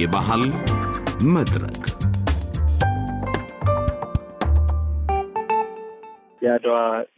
የባህል መድረክ የአድዋ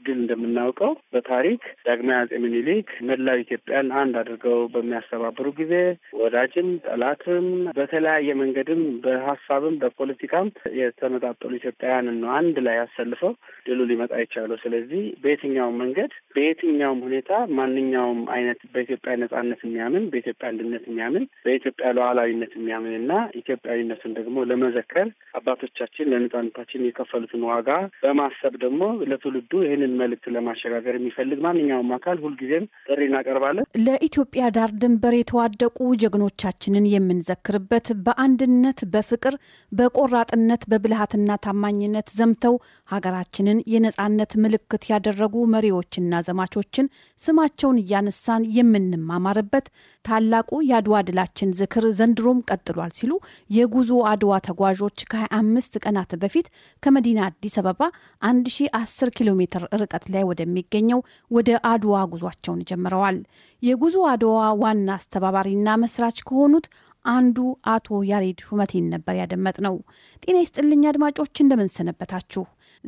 ግን እንደምናውቀው በታሪክ ዳግማዊ አጼ ምኒልክ መላው ኢትዮጵያን አንድ አድርገው በሚያስተባብሩ ጊዜ ወዳጅም ጠላትም በተለያየ መንገድም በሀሳብም በፖለቲካም የተመጣጠሉ ኢትዮጵያውያንን ነው አንድ ላይ አሰልፈው ድሉ ሊመጣ ይቻሉ። ስለዚህ በየትኛውም መንገድ በየትኛውም ሁኔታ ማንኛውም አይነት በኢትዮጵያ ነጻነት የሚያምን በኢትዮጵያ አንድነት የሚያምን በኢትዮጵያ ሉዓላዊነት የሚያምን እና ኢትዮጵያዊነትን ደግሞ ለመዘከር አባቶቻችን ለነጻነታችን የከፈሉትን ዋጋ በማሰብ ደግሞ ለትውልዱ ይህንን ይህንን መልእክት ለማሸጋገር የሚፈልግ ማንኛውም አካል ሁልጊዜም ጥሪ እናቀርባለን። ለኢትዮጵያ ዳር ድንበር የተዋደቁ ጀግኖቻችንን የምንዘክርበት በአንድነት፣ በፍቅር፣ በቆራጥነት፣ በብልሃትና ታማኝነት ዘምተው ሀገራችንን የነጻነት ምልክት ያደረጉ መሪዎችና ዘማቾችን ስማቸውን እያነሳን የምንማማርበት ታላቁ የአድዋ ድላችን ዝክር ዘንድሮም ቀጥሏል ሲሉ የጉዞ አድዋ ተጓዦች ከ25 ቀናት በፊት ከመዲና አዲስ አበባ 1010 ኪሎ ሜትር ርቀት ላይ ወደሚገኘው ወደ አድዋ ጉዟቸውን ጀምረዋል። የጉዞ አድዋ ዋና አስተባባሪና መስራች ከሆኑት አንዱ አቶ ያሬድ ሹመቴን ነበር ያደመጥ ነው። ጤና ይስጥልኝ አድማጮች እንደምንሰነበታችሁ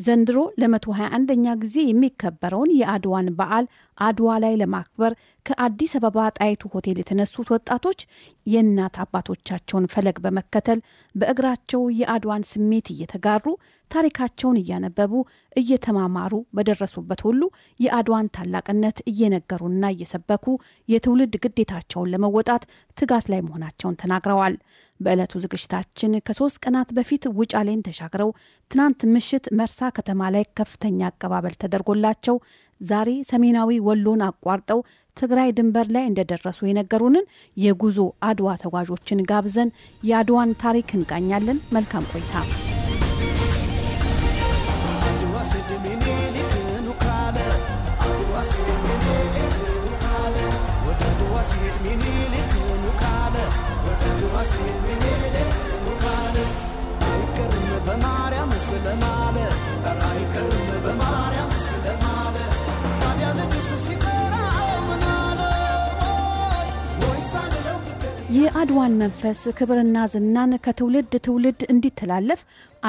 ዘንድሮ ለ121ኛ ጊዜ የሚከበረውን የአድዋን በዓል አድዋ ላይ ለማክበር ከአዲስ አበባ ጣይቱ ሆቴል የተነሱት ወጣቶች የእናት አባቶቻቸውን ፈለግ በመከተል በእግራቸው የአድዋን ስሜት እየተጋሩ ታሪካቸውን እያነበቡ እየተማማሩ በደረሱበት ሁሉ የአድዋን ታላቅነት እየነገሩና እየሰበኩ የትውልድ ግዴታቸውን ለመወጣት ትጋት ላይ መሆናቸውን ተናግረዋል። በዕለቱ ዝግጅታችን ከሶስት ቀናት በፊት ውጫሌን ተሻግረው ትናንት ምሽት መርሳ ከተማ ላይ ከፍተኛ አቀባበል ተደርጎላቸው ዛሬ ሰሜናዊ ወሎን አቋርጠው ትግራይ ድንበር ላይ እንደደረሱ የነገሩንን የጉዞ አድዋ ተጓዦችን ጋብዘን የአድዋን ታሪክ እንቃኛለን። መልካም ቆይታ። የአድዋን መንፈስ ክብርና ዝናን ከትውልድ ትውልድ እንዲተላለፍ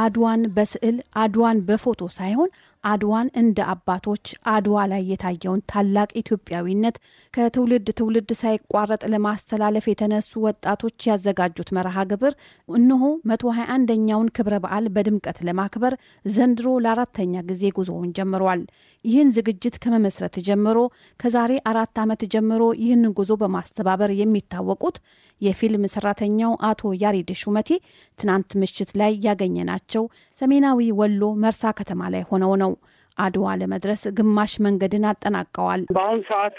አድዋን በስዕል አድዋን በፎቶ ሳይሆን አድዋን እንደ አባቶች አድዋ ላይ የታየውን ታላቅ ኢትዮጵያዊነት ከትውልድ ትውልድ ሳይቋረጥ ለማስተላለፍ የተነሱ ወጣቶች ያዘጋጁት መርሃ ግብር እነሆ 121ኛውን ክብረ በዓል በድምቀት ለማክበር ዘንድሮ ለአራተኛ ጊዜ ጉዞውን ጀምሯል። ይህን ዝግጅት ከመመስረት ጀምሮ ከዛሬ አራት ዓመት ጀምሮ ይህን ጉዞ በማስተባበር የሚታወቁት የፊልም ሰራተኛው አቶ ያሬድ ሹመቴ ትናንት ምሽት ላይ ያገኘናቸው መሆናቸው ሰሜናዊ ወሎ መርሳ ከተማ ላይ ሆነው ነው። አድዋ ለመድረስ ግማሽ መንገድን አጠናቀዋል። በአሁኑ ሰዓት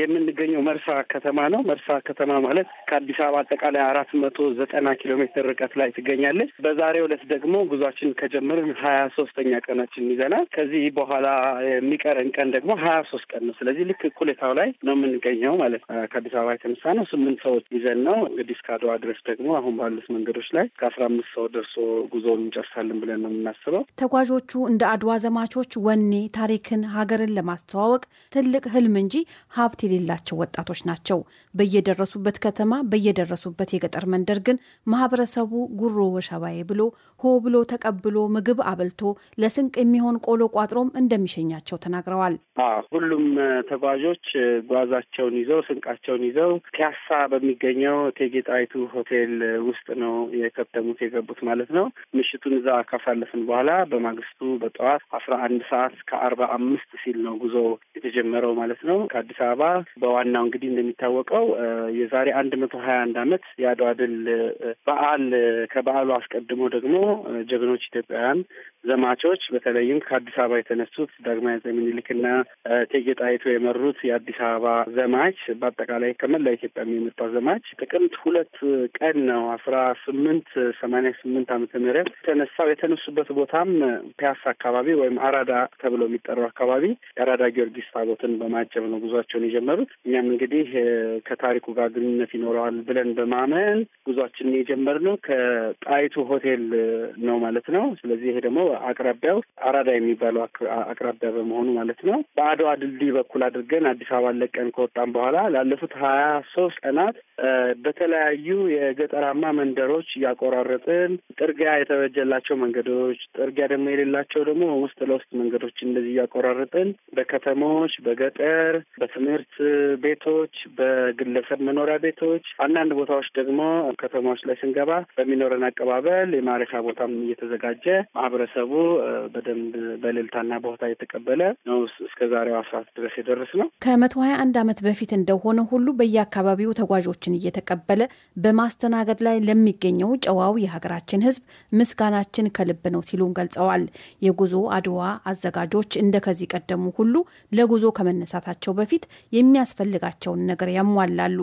የምንገኘው መርሳ ከተማ ነው። መርሳ ከተማ ማለት ከአዲስ አበባ አጠቃላይ አራት መቶ ዘጠና ኪሎ ሜትር ርቀት ላይ ትገኛለች። በዛሬው ዕለት ደግሞ ጉዟችን ከጀመርን ሀያ ሶስተኛ ቀናችን ይዘናል። ከዚህ በኋላ የሚቀረን ቀን ደግሞ ሀያ ሶስት ቀን ነው። ስለዚህ ልክ እኩሌታው ላይ ነው የምንገኘው ማለት ከአዲስ አበባ የተነሳ ነው። ስምንት ሰዎች ይዘን ነው እንግዲህ እስከ አድዋ ድረስ ደግሞ አሁን ባሉት መንገዶች ላይ ከአስራ አምስት ሰው ደርሶ ጉዞውን እንጨርሳለን ብለን ነው የምናስበው። ተጓዦቹ እንደ አድዋ ዘማቾች ወኔ፣ ታሪክን፣ ሀገርን ለማስተዋወቅ ትልቅ ህልም እንጂ ሀብት የሌላቸው ወጣቶች ናቸው። በየደረሱበት ከተማ፣ በየደረሱበት የገጠር መንደር ግን ማህበረሰቡ ጉሮ ወሸባዬ ብሎ ሆ ብሎ ተቀብሎ ምግብ አበልቶ ለስንቅ የሚሆን ቆሎ ቋጥሮም እንደሚሸኛቸው ተናግረዋል። ሁሉም ተጓዦች ጓዛቸውን ይዘው ስንቃቸውን ይዘው ፒያሳ በሚገኘው እቴጌ ጣይቱ ሆቴል ውስጥ ነው የከተሙት የገቡት ማለት ነው። ምሽቱን እዛ ካሳለፍን በኋላ በማግስቱ በጠዋት አስራ አንድ ሰዓት ሰዓት ከአርባ አምስት ሲል ነው ጉዞ የተጀመረው ማለት ነው ከአዲስ አበባ በዋናው እንግዲህ እንደሚታወቀው የዛሬ አንድ መቶ ሀያ አንድ አመት የአድዋ ድል በዓል ከበዓሉ አስቀድሞ ደግሞ ጀግኖች ኢትዮጵያውያን ዘማቾች በተለይም ከአዲስ አበባ የተነሱት ዳግማዊ አፄ ምኒልክና እቴጌ ጣይቱ የመሩት የአዲስ አበባ ዘማች በአጠቃላይ ከመላ ኢትዮጵያ የመጣ ዘማች ጥቅምት ሁለት ቀን ነው አስራ ስምንት ሰማንያ ስምንት አመተ ምህረት የተነሳው የተነሱበት ቦታም ፒያሳ አካባቢ ወይም አራዳ ተብሎ የሚጠራው አካባቢ የአራዳ ጊዮርጊስ ታቦትን በማጨብ ነው ጉዟቸውን የጀመሩት። እኛም እንግዲህ ከታሪኩ ጋር ግንኙነት ይኖረዋል ብለን በማመን ጉዟችንን የጀመርነው ከጣይቱ ሆቴል ነው ማለት ነው። ስለዚህ ይሄ ደግሞ አቅራቢያው አራዳ የሚባለው አቅራቢያ በመሆኑ ማለት ነው በአድዋ ድልድይ በኩል አድርገን አዲስ አበባ ለቀን ከወጣን በኋላ ላለፉት ሀያ ሶስት ቀናት በተለያዩ የገጠራማ መንደሮች እያቆራረጥን ጥርጊያ የተበጀላቸው መንገዶች፣ ጥርጊያ ደግሞ የሌላቸው ደግሞ ውስጥ ለውስጥ መንገዶች እንጨቶች እንደዚህ እያቆራረጥን በከተሞች፣ በገጠር፣ በትምህርት ቤቶች፣ በግለሰብ መኖሪያ ቤቶች አንዳንድ ቦታዎች ደግሞ ከተማዎች ላይ ስንገባ በሚኖረን አቀባበል የማረፊያ ቦታም እየተዘጋጀ ማህበረሰቡ በደንብ በሌልታና ቦታ እየተቀበለ ነው እስከ ዛሬው አስራት ድረስ የደረስ ነው። ከመቶ ሀያ አንድ አመት በፊት እንደሆነ ሁሉ በየአካባቢው ተጓዦችን እየተቀበለ በማስተናገድ ላይ ለሚገኘው ጨዋው የሀገራችን ህዝብ ምስጋናችን ከልብ ነው ሲሉን ገልጸዋል። የጉዞ አድዋ አዘጋ ተዘጋጆች እንደ ከዚህ ቀደሙ ሁሉ ለጉዞ ከመነሳታቸው በፊት የሚያስፈልጋቸውን ነገር ያሟላሉ።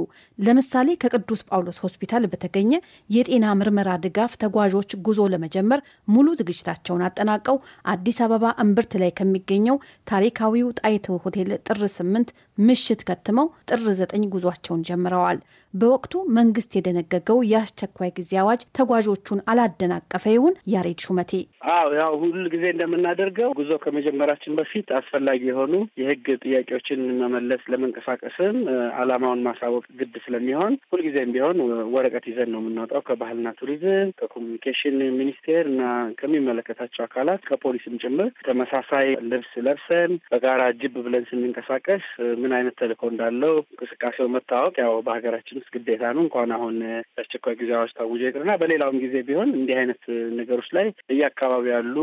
ለምሳሌ ከቅዱስ ጳውሎስ ሆስፒታል በተገኘ የጤና ምርመራ ድጋፍ ተጓዦች ጉዞ ለመጀመር ሙሉ ዝግጅታቸውን አጠናቀው አዲስ አበባ እምብርት ላይ ከሚገኘው ታሪካዊው ጣይት ሆቴል ጥር 8 ምሽት ከትመው ጥር 9 ጉዟቸውን ጀምረዋል። በወቅቱ መንግስት የደነገገው የአስቸኳይ ጊዜ አዋጅ ተጓዦቹን አላደናቀፈ ይሁን? ያሬድ ሹመቴ አዎ፣ ያው ጊዜ እንደምናደርገው ጉዞ ከመጀመራችን በፊት አስፈላጊ የሆኑ የህግ ጥያቄዎችን መመለስ ለመንቀሳቀስም አላማውን ማሳወቅ ግድ ስለሚሆን ሁልጊዜም ቢሆን ወረቀት ይዘን ነው የምናወጣው ከባህልና ቱሪዝም፣ ከኮሚኒኬሽን ሚኒስቴር እና ከሚመለከታቸው አካላት ከፖሊስም ጭምር ተመሳሳይ ልብስ ለብሰን በጋራ ጅብ ብለን ስንንቀሳቀስ ምን አይነት ተልእኮ እንዳለው እንቅስቃሴው መታወቅ ያው በሀገራችን ውስጥ ግዴታ ነው። እንኳን አሁን የአስቸኳይ ጊዜዎች ታውጆ ይቅርና በሌላውም ጊዜ ቢሆን እንዲህ አይነት ነገሮች ላይ እየአካባቢ ያሉ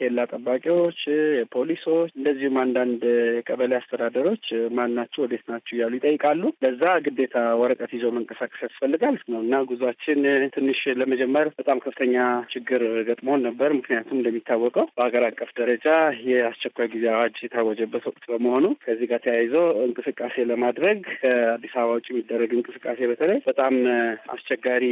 ኬላ ጠባቂዎች ፖሊሶች፣ እንደዚሁም አንዳንድ ቀበሌ አስተዳደሮች ማን ናቸው ወዴት ናቸው እያሉ ይጠይቃሉ። ለዛ ግዴታ ወረቀት ይዞ መንቀሳቀስ ያስፈልጋል ነው እና ጉዟችን ትንሽ ለመጀመር በጣም ከፍተኛ ችግር ገጥሞን ነበር። ምክንያቱም እንደሚታወቀው በሀገር አቀፍ ደረጃ የአስቸኳይ ጊዜ አዋጅ የታወጀበት ወቅት በመሆኑ ከዚህ ጋር ተያይዞ እንቅስቃሴ ለማድረግ ከአዲስ አበባ ውጭ የሚደረግ እንቅስቃሴ በተለይ በጣም አስቸጋሪ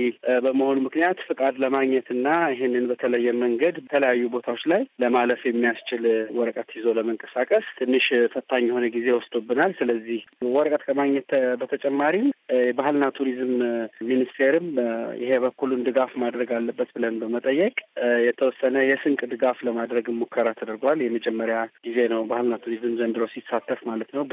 በመሆኑ ምክንያት ፍቃድ ለማግኘት እና ይህንን በተለየ መንገድ በተለያዩ ቦታዎች ላይ ለማለፍ የሚያስችል ወረቀት ይዞ ለመንቀሳቀስ ትንሽ ፈታኝ የሆነ ጊዜ ወስዶብናል። ስለዚህ ወረቀት ከማግኘት በተጨማሪም የባህልና ቱሪዝም ሚኒስቴርም ይሄ በኩሉን ድጋፍ ማድረግ አለበት ብለን በመጠየቅ የተወሰነ የስንቅ ድጋፍ ለማድረግ ሙከራ ተደርጓል። የመጀመሪያ ጊዜ ነው ባህልና ቱሪዝም ዘንድሮ ሲሳተፍ ማለት ነው።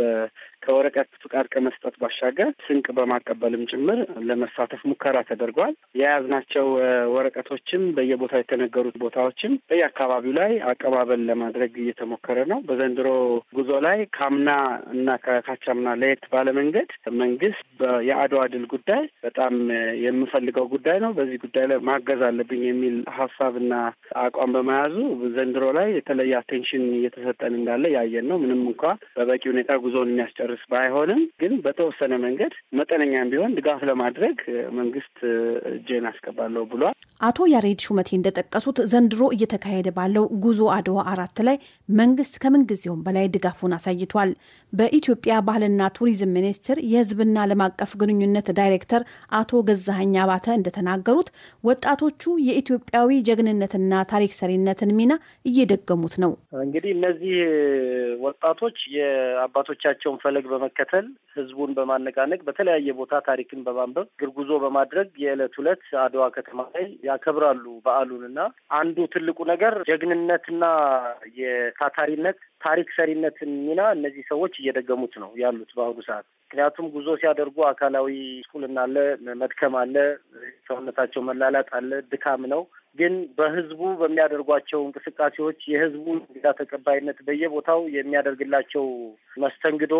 ከወረቀት ፍቃድ ከመስጠት ባሻገር ስንቅ በማቀበልም ጭምር ለመሳተፍ ሙከራ ተደርጓል። የያዝናቸው ወረቀቶችም በየቦታው የተነገሩት ቦታዎችም በየአካባቢው ላይ አቀባበል ለማድረግ እየተሞከረ ነው። በዘንድሮ ጉዞ ላይ ካምና እና ከካቻምና ለየት ባለ መንገድ መንግስት የአድዋ ድል ጉዳይ በጣም የምፈልገው ጉዳይ ነው፣ በዚህ ጉዳይ ላይ ማገዝ አለብኝ የሚል ሀሳብና አቋም በመያዙ ዘንድሮ ላይ የተለየ አቴንሽን እየተሰጠን እንዳለ ያየን ነው። ምንም እንኳ በበቂ ሁኔታ ጉዞውን የሚያስጨርስ ባይሆንም ግን በተወሰነ መንገድ መጠነኛም ቢሆን ድጋፍ ለማድረግ መንግስት እጄን አስገባለሁ ብሏል። አቶ ያሬድ ሹመቴ እንደጠቀሱት ዘንድሮ እየተካሄደ ባለው ጉዞ አድዋ አራት ላይ መንግስት ከምንጊዜውም በላይ ድጋፉን አሳይቷል። በኢትዮጵያ ባህልና ቱሪዝም ሚኒስቴር የህዝብና ዓለም አቀፍ ግንኙነት ዳይሬክተር አቶ ገዛኸኝ አባተ እንደተናገሩት ወጣቶቹ የኢትዮጵያዊ ጀግንነትና ታሪክ ሰሪነትን ሚና እየደገሙት ነው። እንግዲህ እነዚህ ወጣቶች የአባቶቻቸውን ፈለግ በመከተል ህዝቡን በማነቃነቅ በተለያየ ቦታ ታሪክን በማንበብ እግር ጉዞ በማድረግ የዕለት ሁለት አድዋ ከተማ ላይ ያከብራሉ በዓሉንና አንዱ ትልቁ ነገር ጀግንነትና ታታሪነት፣ ታሪክ ሰሪነትን ሚና እነዚህ ሰዎች እየደገሙት ነው ያሉት በአሁኑ ሰዓት። ምክንያቱም ጉዞ ሲያደርጉ አካላዊ ስኩልና አለ፣ መድከም አለ፣ ሰውነታቸው መላላጥ አለ፣ ድካም ነው። ግን በህዝቡ በሚያደርጓቸው እንቅስቃሴዎች የህዝቡ እንግዳ ተቀባይነት፣ በየቦታው የሚያደርግላቸው መስተንግዶ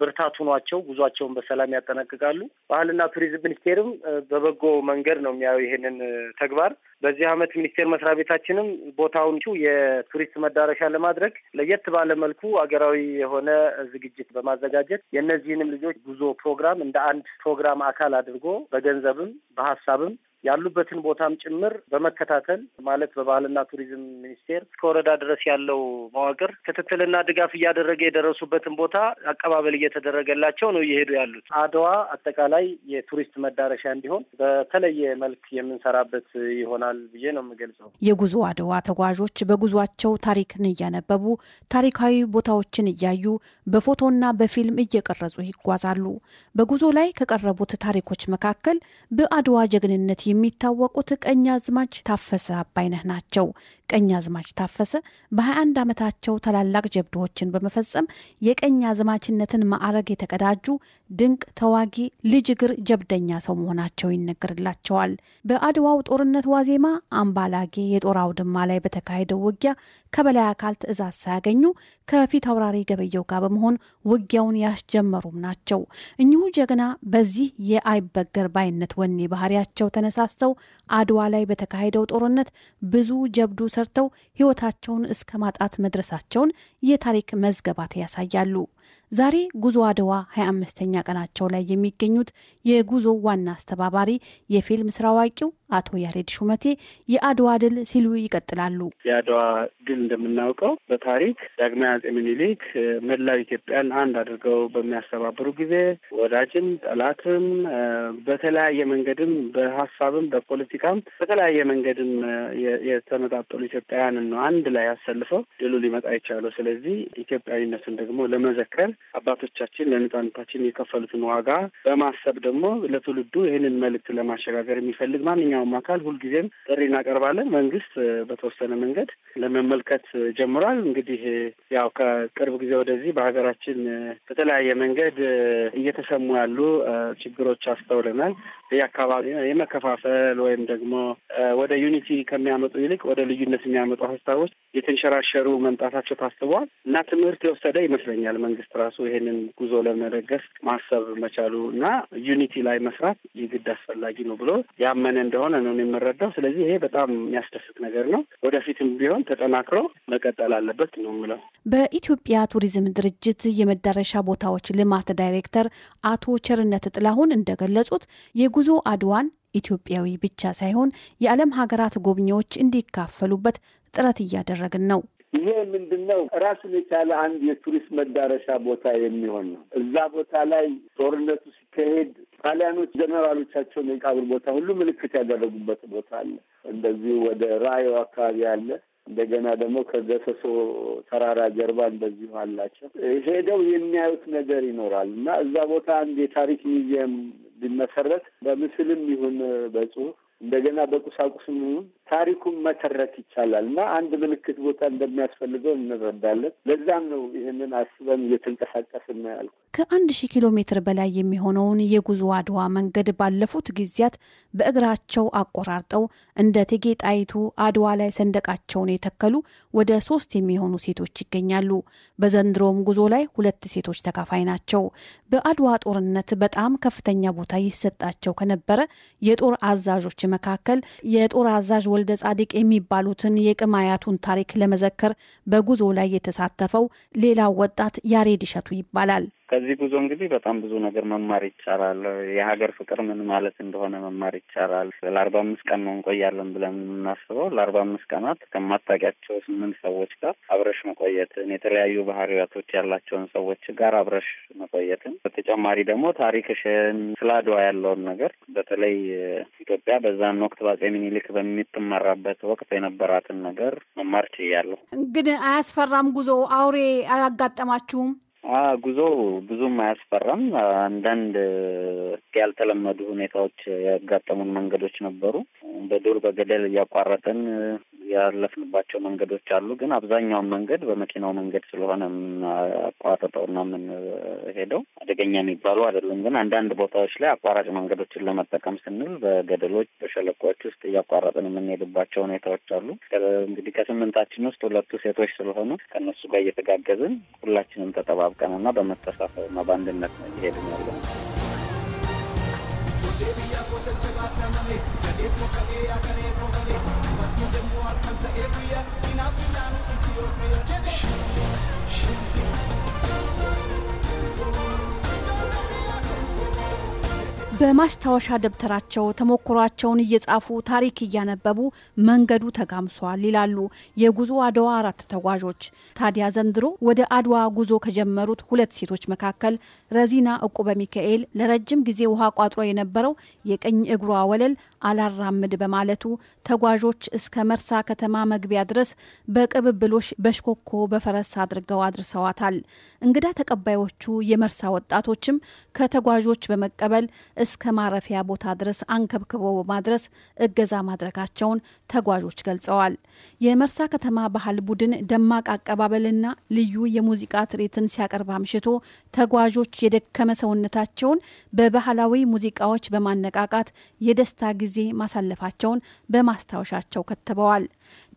ብርታት ሆኗቸው ጉዟቸውን በሰላም ያጠናቅቃሉ። ባህልና ቱሪዝም ሚኒስቴርም በበጎ መንገድ ነው የሚያየው ይሄንን ተግባር። በዚህ ዓመት ሚኒስቴር መስሪያ ቤታችንም ቦታውን የቱሪስት መዳረሻ ለማድረግ ለየት ባለ መልኩ አገራዊ የሆነ ዝግጅት በማዘጋጀት የእነዚህንም ልጆች ጉዞ ፕሮግራም እንደ አንድ ፕሮግራም አካል አድርጎ በገንዘብም በሀሳብም ያሉበትን ቦታም ጭምር በመከታተል ማለት በባህልና ቱሪዝም ሚኒስቴር እስከ ወረዳ ድረስ ያለው መዋቅር ክትትልና ድጋፍ እያደረገ የደረሱበትን ቦታ አቀባበል እየተደረገላቸው ነው እየሄዱ ያሉት። አድዋ አጠቃላይ የቱሪስት መዳረሻ እንዲሆን በተለየ መልክ የምንሰራበት ይሆናል ብዬ ነው የምገልጸው። የጉዞ አድዋ ተጓዦች በጉዟቸው ታሪክን እያነበቡ ታሪካዊ ቦታዎችን እያዩ በፎቶና በፊልም እየቀረጹ ይጓዛሉ። በጉዞ ላይ ከቀረቡት ታሪኮች መካከል በአድዋ ጀግንነት የሚታወቁት አዝማች ታፈሰ አባይነህ ናቸው። አዝማች ታፈሰ በ21 ዓመታቸው ታላላቅ ጀብዶዎችን በመፈጸም አዝማችነትን ማዕረግ የተቀዳጁ ድንቅ ተዋጊ፣ ልጅ እግር ጀብደኛ ሰው መሆናቸው ይነገርላቸዋል። በአድዋው ጦርነት ዋዜማ አምባላጌ የጦር አውድማ ላይ በተካሄደው ውጊያ ከበላይ አካል ትዕዛዝ ሳያገኙ ከፊት አውራሪ ገበየው ጋር በመሆን ውጊያውን ያስጀመሩም ናቸው። እኚሁ ጀግና በዚህ የአይበገር ባይነት ወኔ ባህሪያቸው ተነሳ ተነሳስተው አድዋ ላይ በተካሄደው ጦርነት ብዙ ጀብዱ ሰርተው ሕይወታቸውን እስከ ማጣት መድረሳቸውን የታሪክ መዝገባት ያሳያሉ። ዛሬ ጉዞ አድዋ 25ኛ ቀናቸው ላይ የሚገኙት የጉዞ ዋና አስተባባሪ የፊልም ስራ አዋቂው አቶ ያሬድ ሹመቴ የአድዋ ድል ሲሉ ይቀጥላሉ። የአድዋ ድል እንደምናውቀው በታሪክ ዳግማዊ አጼ ምኒልክ መላው ኢትዮጵያን አንድ አድርገው በሚያስተባብሩ ጊዜ ወዳጅም ጠላትም በተለያየ መንገድም በሀሳብ በሀሳብም በፖለቲካም በተለያየ መንገድም የተመጣጠሉ ኢትዮጵያውያንን ነው አንድ ላይ አሰልፈው ድሉ ሊመጣ ይቻለው። ስለዚህ ኢትዮጵያዊነትን ደግሞ ለመዘከር አባቶቻችን ለነጻነታችን የከፈሉትን ዋጋ በማሰብ ደግሞ ለትውልዱ ይህንን መልእክት ለማሸጋገር የሚፈልግ ማንኛውም አካል ሁልጊዜም ጥሪ እናቀርባለን። መንግስት በተወሰነ መንገድ ለመመልከት ጀምሯል። እንግዲህ ያው ከቅርብ ጊዜ ወደዚህ በሀገራችን በተለያየ መንገድ እየተሰሙ ያሉ ችግሮች አስተውለናል። የአካባቢ የመከፋፈል ወይም ደግሞ ወደ ዩኒቲ ከሚያመጡ ይልቅ ወደ ልዩነት የሚያመጡ ሀሳቦች የተንሸራሸሩ መምጣታቸው ታስቧል እና ትምህርት የወሰደ ይመስለኛል መንግስት ራሱ ይሄንን ጉዞ ለመደገፍ ማሰብ መቻሉ እና ዩኒቲ ላይ መስራት የግድ አስፈላጊ ነው ብሎ ያመነ እንደሆነ ነው የምረዳው። ስለዚህ ይሄ በጣም የሚያስደስት ነገር ነው። ወደፊትም ቢሆን ተጠናክሮ መቀጠል አለበት ነው የምለው። በኢትዮጵያ ቱሪዝም ድርጅት የመዳረሻ ቦታዎች ልማት ዳይሬክተር አቶ ቸርነት ጥላሁን እንደገለጹት የጉዞ አድዋን ኢትዮጵያዊ ብቻ ሳይሆን የዓለም ሀገራት ጎብኚዎች እንዲካፈሉበት ጥረት እያደረግን ነው። ይሄ ምንድን ነው? ራሱን የቻለ አንድ የቱሪስት መዳረሻ ቦታ የሚሆን ነው። እዛ ቦታ ላይ ጦርነቱ ሲካሄድ ጣሊያኖች ጀነራሎቻቸውን የቃብር ቦታ ሁሉ ምልክት ያደረጉበት ቦታ አለ። እንደዚሁ ወደ ራዮ አካባቢ አለ። እንደገና ደግሞ ከገሰሶ ተራራ ጀርባ እንደዚሁ አላቸው። ሄደው የሚያዩት ነገር ይኖራል እና እዛ ቦታ አንድ የታሪክ ሚዚየም ቢመሰረት በምስልም ይሁን በጽሁፍ እንደገና በቁሳቁስም ታሪኩን መተረክ ይቻላል እና አንድ ምልክት ቦታ እንደሚያስፈልገው እንረዳለን። ለዛም ነው ይህንን አስበን እየተንቀሳቀስን ነው ከአንድ ሺህ ኪሎ ሜትር በላይ የሚሆነውን የጉዞ አድዋ መንገድ ባለፉት ጊዜያት በእግራቸው አቆራርጠው እንደ እቴጌ ጣይቱ አድዋ ላይ ሰንደቃቸውን የተከሉ ወደ ሶስት የሚሆኑ ሴቶች ይገኛሉ። በዘንድሮም ጉዞ ላይ ሁለት ሴቶች ተካፋይ ናቸው። በአድዋ ጦርነት በጣም ከፍተኛ ቦታ ይሰጣቸው ከነበረ የጦር አዛዦች መካከል የጦር አዛዥ ወልደ ጻድቅ የሚባሉትን የቅማያቱን ታሪክ ለመዘከር በጉዞ ላይ የተሳተፈው ሌላው ወጣት ያሬድ እሸቱ ይባላል። ከዚህ ጉዞ እንግዲህ በጣም ብዙ ነገር መማር ይቻላል። የሀገር ፍቅር ምን ማለት እንደሆነ መማር ይቻላል። ለአርባ አምስት ቀን ነው እንቆያለን ብለን የምናስበው ለአርባ አምስት ቀናት ከማታውቂያቸው ስምንት ሰዎች ጋር አብረሽ መቆየትን የተለያዩ ባህሪያቶች ያላቸውን ሰዎች ጋር አብረሽ መቆየትን በተጨማሪ ደግሞ ታሪክሽን ስለ አድዋ ያለውን ነገር በተለይ ኢትዮጵያ በዛን ወቅት በአፄ ምኒልክ በሚትመራበት ወቅት የነበራትን ነገር መማር ችያለሁ። እንግዲህ አያስፈራም ጉዞ አውሬ አያጋጠማችሁም? ጉዞ ብዙም አያስፈራም። አንዳንድ ያልተለመዱ ሁኔታዎች ያጋጠሙን መንገዶች ነበሩ። በዱር በገደል እያቋረጠን ያለፍንባቸው መንገዶች አሉ። ግን አብዛኛውን መንገድ በመኪናው መንገድ ስለሆነ የምናቋርጠው እና የምንሄደው አደገኛ የሚባሉ አይደለም። ግን አንዳንድ ቦታዎች ላይ አቋራጭ መንገዶችን ለመጠቀም ስንል በገደሎች፣ በሸለቆዎች ውስጥ እያቋረጥን የምንሄድባቸው ሁኔታዎች አሉ። እንግዲህ ከስምንታችን ውስጥ ሁለቱ ሴቶች ስለሆኑ ከእነሱ ጋር እየተጋገዝን ሁላችንም ተጠባብቀን እና በመተሳሰብ እና በአንድነት ነው እየሄድን ያለው። ከቤት ከቤ ያገሬ ነው በማስታወሻ ደብተራቸው ተሞክሯቸውን እየጻፉ ታሪክ እያነበቡ መንገዱ ተጋምሷል ይላሉ የጉዞ አድዋ አራት ተጓዦች። ታዲያ ዘንድሮ ወደ አድዋ ጉዞ ከጀመሩት ሁለት ሴቶች መካከል ረዚና እቁበ ሚካኤል ለረጅም ጊዜ ውሃ ቋጥሮ የነበረው የቀኝ እግሯ ወለል አላራምድ በማለቱ ተጓዦች እስከ መርሳ ከተማ መግቢያ ድረስ በቅብብሎሽ በሽኮኮ በፈረስ አድርገው አድርሰዋታል። እንግዳ ተቀባዮቹ የመርሳ ወጣቶችም ከተጓዦች በመቀበል እስከ ማረፊያ ቦታ ድረስ አንከብክበው በማድረስ እገዛ ማድረጋቸውን ተጓዦች ገልጸዋል። የመርሳ ከተማ ባህል ቡድን ደማቅ አቀባበልና ልዩ የሙዚቃ ትርኢትን ሲያቀርብ አምሽቶ ተጓዦች የደከመ ሰውነታቸውን በባህላዊ ሙዚቃዎች በማነቃቃት የደስታ ጊዜ ጊዜ ማሳለፋቸውን በማስታወሻቸው ከትበዋል።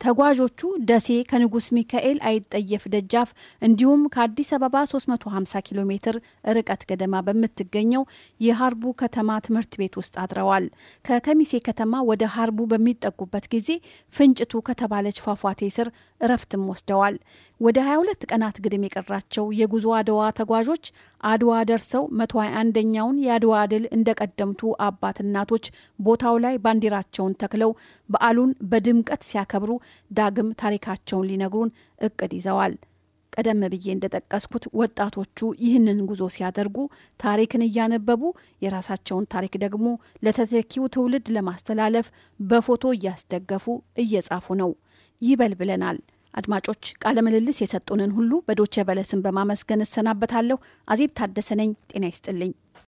ተጓዦቹ ደሴ ከንጉስ ሚካኤል አይጠየፍ ደጃፍ እንዲሁም ከአዲስ አበባ 350 ኪሎ ሜትር ርቀት ገደማ በምትገኘው የሀርቡ ከተማ ትምህርት ቤት ውስጥ አድረዋል። ከከሚሴ ከተማ ወደ ሀርቡ በሚጠጉበት ጊዜ ፍንጭቱ ከተባለች ፏፏቴ ስር እረፍትም ወስደዋል። ወደ 22 ቀናት ግድም የቀራቸው የጉዞ አድዋ ተጓዦች አድዋ ደርሰው 121ኛውን የአድዋ ድል እንደቀደምቱ አባት እናቶች ቦታው ላይ ባንዲራቸውን ተክለው በዓሉን በድምቀት ሲያከብሩ ዳግም ታሪካቸውን ሊነግሩን እቅድ ይዘዋል። ቀደም ብዬ እንደጠቀስኩት ወጣቶቹ ይህንን ጉዞ ሲያደርጉ ታሪክን እያነበቡ የራሳቸውን ታሪክ ደግሞ ለተተኪው ትውልድ ለማስተላለፍ በፎቶ እያስደገፉ እየጻፉ ነው። ይበል ብለናል። አድማጮች፣ ቃለ ምልልስ የሰጡንን ሁሉ በዶቸ በለስን በማመስገን እሰናበታለሁ። አዜብ ታደሰ ነኝ። ጤና ይስጥልኝ።